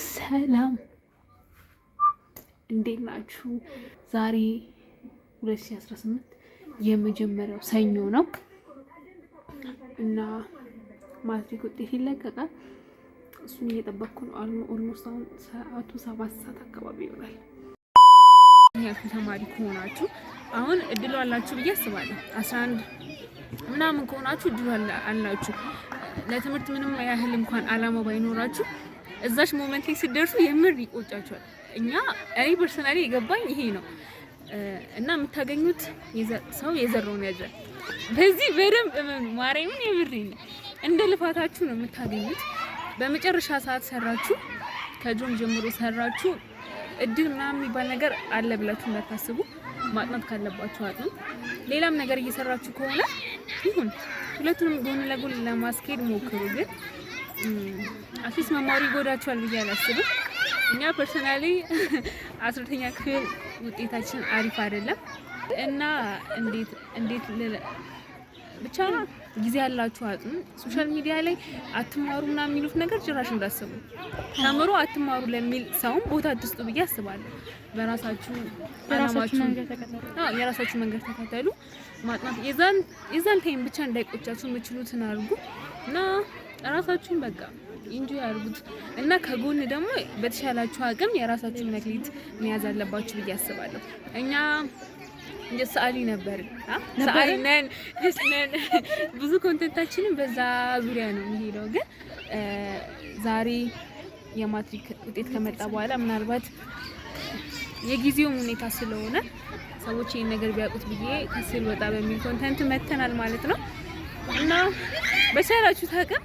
ሰላም እንዴት ናችሁ? ዛሬ 2018 የመጀመሪያው ሰኞ ነው እና ማትሪክ ውጤት ይለቀቃል። እሱን እየጠበቅኩ ነው። ኦልሞስት አሁን ሰዓቱ ሰባት ሰዓት አካባቢ ይሆናል። ያልኩ ተማሪ ከሆናችሁ አሁን እድሉ አላችሁ ብዬ አስባለሁ። 11 ምናምን ከሆናችሁ እድሉ አላችሁ ለትምህርት ምንም ያህል እንኳን አላማ ባይኖራችሁ እዛች ሞመንት ላይ ሲደርሱ የምር ይቆጫቸዋል። እኛ እኔ ፐርሰናሊ የገባኝ ይሄ ነው እና የምታገኙት ሰው የዘራውን ያጭዳል። በዚህ በደንብ እመኑ። ማርያምን የምር እንደ ልፋታችሁ ነው የምታገኙት። በመጨረሻ ሰዓት ሰራችሁ፣ ከጆም ጀምሮ ሰራችሁ። እድል ምናምን የሚባል ነገር አለ ብላችሁ እንዳታስቡ። ማጥናት ካለባችሁ አጥኑ። ሌላም ነገር እየሰራችሁ ከሆነ ይሁን፣ ሁለቱንም ጎን ለጎን ለማስኬድ ሞክሩ ግን አትሊስት መማሩ ይጎዳቸዋል ብዬ አላስብም። እኛ ፐርሶናሊ አስረተኛ ክፍል ውጤታችን አሪፍ አይደለም እና እንዴት እንዴት ብቻ ጊዜ ያላችሁ አጥኑ። ሶሻል ሚዲያ ላይ አትማሩ ና የሚሉት ነገር ጭራሽ እንዳስቡ ተምሮ አትማሩ ለሚል ሰውም ቦታ አትስጡ ብዬ አስባለሁ። በራሳችሁ የራሳችሁ መንገድ ተከተሉ። ማጥናት የዛን ታይም ብቻ እንዳይቆጫችሁ የምችሉትን አድርጉ እና ራሳችሁን በቃ እንጂ ያርጉት እና ከጎን ደግሞ በተሻላችሁ አቅም የራሳችሁን መክሊት መያዝ አለባችሁ ብዬ አስባለሁ። እኛ እንደ ሰዓሊ ነበር ነን ብዙ ኮንተንታችንን በዛ ዙሪያ ነው የሚሄደው። ግን ዛሬ የማትሪክ ውጤት ከመጣ በኋላ ምናልባት የጊዜውም ሁኔታ ስለሆነ ሰዎች ይህን ነገር ቢያውቁት ብዬ ከስል ወጣ በሚል ኮንተንት መተናል ማለት ነው እና በቻላችሁ ታቅም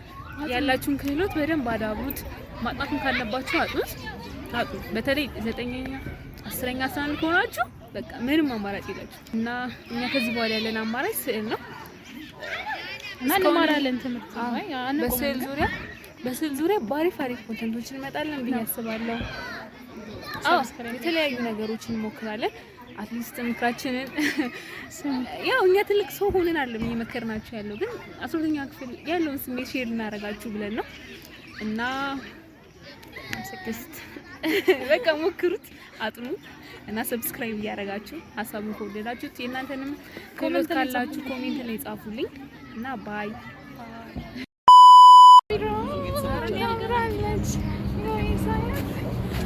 ያላችሁን ክህሎት በደንብ አዳብሩት። ማጥናትም ካለባችሁ አጡት አጡ። በተለይ ዘጠኛኛ አስረኛ አስራ አንድ ከሆናችሁ በቃ ምንም አማራጭ የላችሁ እና እኛ ከዚህ በኋላ ያለን አማራጭ ስዕል ነው እና እንማራለን ትምህርት በስዕል ዙሪያ በስዕል ዙሪያ ባሪፍ አሪፍ ኮንተንቶች እንመጣለን ብዬ አስባለሁ። የተለያዩ ነገሮች እንሞክራለን። አትሊስት ምክራችንን ያው እኛ ትልቅ ሰው ሆነን አለም እየመከርናችሁ ያለው ግን አስራ ሁለተኛ ክፍል ያለውን ስሜት ሼር እናደርጋችሁ ብለን ነው እና ስድስት በቃ ሞክሩት፣ አጥኑ እና ሰብስክራይብ እያደረጋችሁ ሀሳቡን ከወደዳችሁት የእናንተንም ኮመንት ካላችሁ ኮሜንት ላይ ጻፉልኝ እና ባይ ባይ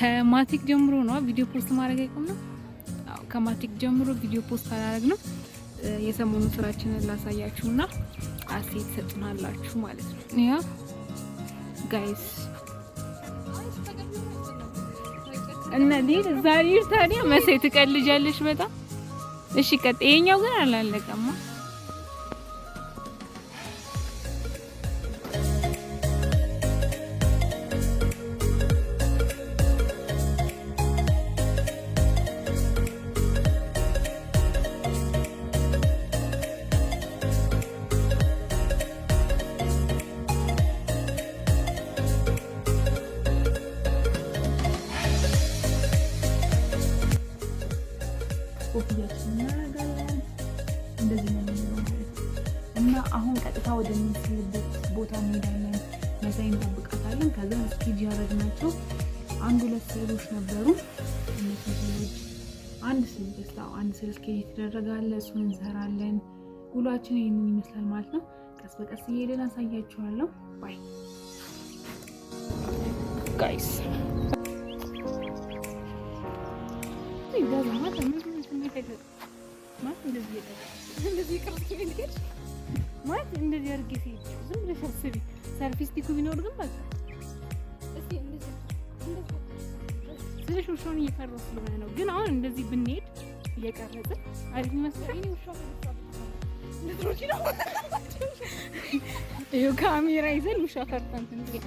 ከማቲክ ጀምሮ ነው ቪዲዮ ፖስት ማድረግ አይቆምና አው ከማቲክ ጀምሮ ቪዲዮ ፖስት አላረግ ነው። የሰሞኑ ስራችንን ላሳያችሁና አሴት ሰጥናላችሁ ማለት ነው ያ ጋይስ እና ዛሬ ታዲያ መሰይ ትቀልጃለሽ በጣም እሺ። ቀጥ ይሄኛው ግን አላለቀማ እናደርጋለን። እንደዚህ ነው የሚሆነው እና አሁን ቀጥታ ወደሚስልበት ቦታ እንሄዳለን። መሳይ እንጠብቃታለን። ከዛ ስኬጅ ያደረግናቸው አንድ ሁለት ስዕሎች ነበሩ። እነሱ ስዕሎች አንድ ስል ደስታው አንድ ስል ስኬጅ ትደረጋለ። እሱን እንሰራለን። ውሏችን ይህንን ይመስላል ማለት ነው። ቀስ በቀስ እየሄደን አሳያችኋለሁ። ባይ ጋይስ ይገዛማ ማለት እንደዚህ እንደዚህ ቅርጽ አድርጌ ሲሄድ ዝም ብለሽ አስቢ። ሰርቪስ ቢኖር ግን በቃ ስለሽ ውሻውን እየፈራሁ ስለሆነ ነው። ግን አሁን እንደዚህ ብንሄድ እየቀረጽን አሪፍ ይመስላል። እኔ ካሜራ ይዘን ውሻ ፈርተን ትንሽ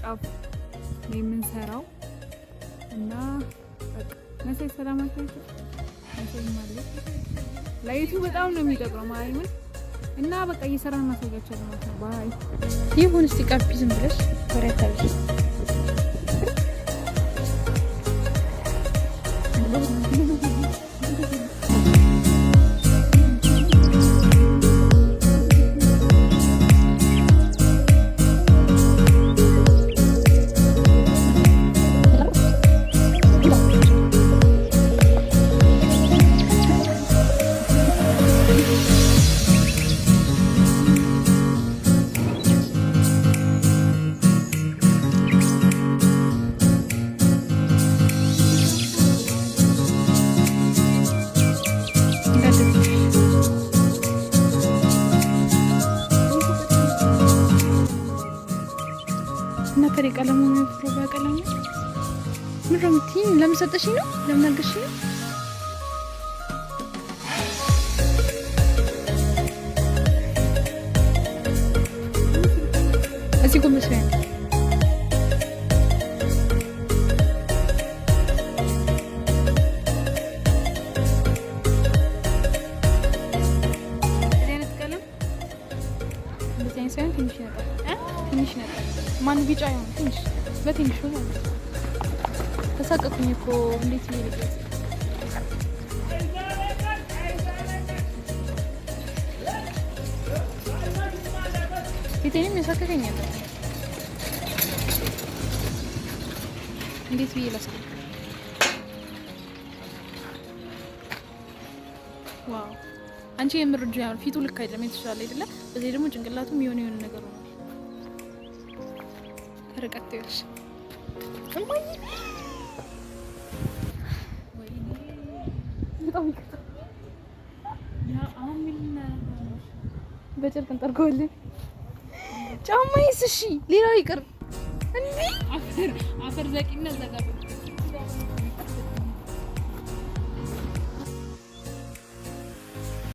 ጫፍ ነው የምንሰራው እና መሳይ ሰላማችሁ መሳይ ማለት በጣም ነው የሚጠቅረው ማለት እና በቃ እየሰራ እናሳያቸዋለን ማለት ነው። ባይ ይሁን እስቲ ቀርቢ ዝም ብለሽ ወሬታ ብለሽ በቀለኛ ምረምቲን ለምን ሰጠሽኝ ነው? ለምን አልገሽኝ ነው? እዚህ ጎን መስሪያ ነው። ትንሽ ነበር ማን ቢጫ ይሆን በትንሹ ማለት ነው። ተሳቀቁኝ እኮ እንዴት ነው ልጅ ፊቴንም ያሳከከኝ ያለ እንዴት ብዬ ላስቀምጥ? ዋው አንቺ የምር እጁ ያምር፣ ፊቱ ልክ አይደለም፣ የተሻለ አይደለም። በዚህ ደግሞ ጭንቅላቱም የሆነ የሆነ ነገር ሆኗል። ርቀት ይልሽ በጨርቅ እንጠርገዋለን። ጫማ ይስሺ ሌላው ይቅር።